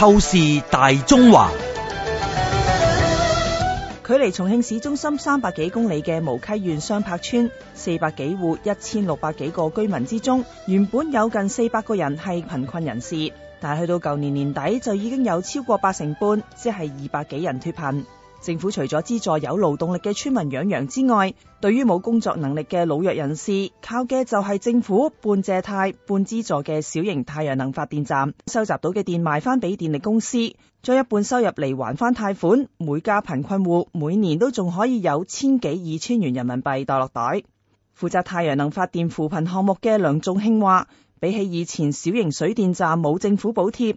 透視大中華，距離重慶市中心三百幾公里嘅巫溪縣雙柏村四百幾戶一千六百幾個居民之中，原本有近四百個人係貧困人士，但係去到舊年年底就已經有超過八成半，即係二百幾人脫貧。政府除咗資助有勞動力嘅村民養羊之外，對於冇工作能力嘅老弱人士，靠嘅就係政府半借貸、半資助嘅小型太陽能發電站，收集到嘅電賣翻俾電力公司，將一半收入嚟還翻貸款，每家貧困戶每年都仲可以有千幾二千元人民幣袋落袋。負責太陽能發電扶貧項目嘅梁仲興話，比起以前小型水電站冇政府補貼。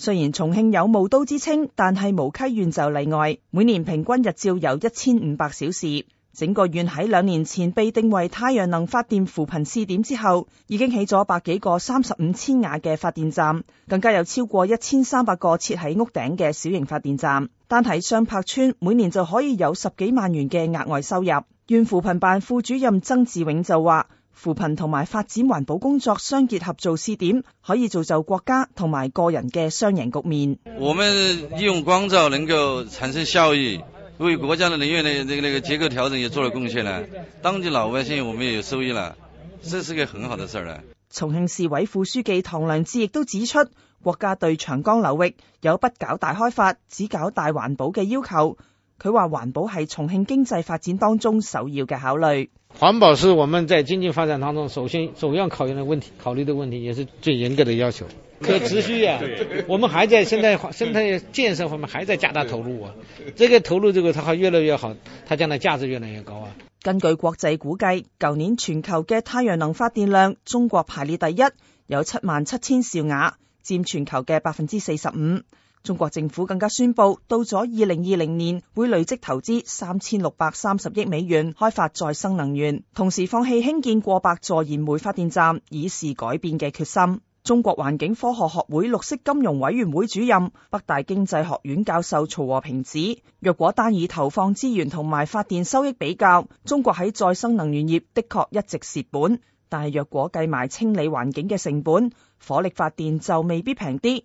雖然重慶有霧都之稱，但係巫溪縣就例外，每年平均日照有一千五百小時。整個縣喺兩年前被定為太陽能發電扶貧試點之後，已經起咗百幾個三十五千瓦嘅發電站，更加有超過一千三百個設喺屋頂嘅小型發電站。單喺雙柏村，每年就可以有十幾萬元嘅額外收入。縣扶貧辦副主任曾志永就話。扶貧同埋發展環保工作相結合做試點，可以造就國家同埋個人嘅雙贏局面。我們利用光照能夠產生效益，為國家的能源嘅這個那個結構調整也做了貢獻啦。當地老百姓我們也有收益啦，這是個很好的事啦。重慶市委副書記唐良智亦都指出，國家對長江流域有不搞大開發，只搞大環保嘅要求。佢話環保係重慶經濟發展當中首要嘅考慮。環保是我們在經濟發展當中首先首要考慮嘅問題，考慮嘅問題也是最嚴格嘅要求。可持續啊，我們還在生態生態建設方面還在加大投入啊。這個投入，這個它還越來越好，它將來價值越來越高啊。根據國際估計，舊年全球嘅太陽能發電量，中國排列第一，有七萬七千兆瓦，占全球嘅百分之四十五。中國政府更加宣布，到咗二零二零年會累積投資三千六百三十億美元開發再生能源，同時放棄興建過百座燃煤發電站，以示改變嘅決心。中國環境科學學會綠色金融委員會主任、北大經濟學院教授曹和平指，若果單以投放資源同埋發電收益比較，中國喺再生能源業的確一直蝕本，但係若果計埋清理環境嘅成本，火力發電就未必平啲。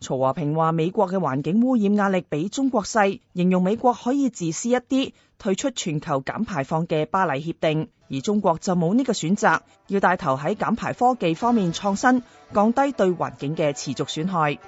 曹和平話：美國嘅環境污染壓力比中國細，形容美國可以自私一啲，退出全球減排放嘅巴黎協定，而中國就冇呢個選擇，要帶頭喺減排科技方面創新，降低對環境嘅持續損害。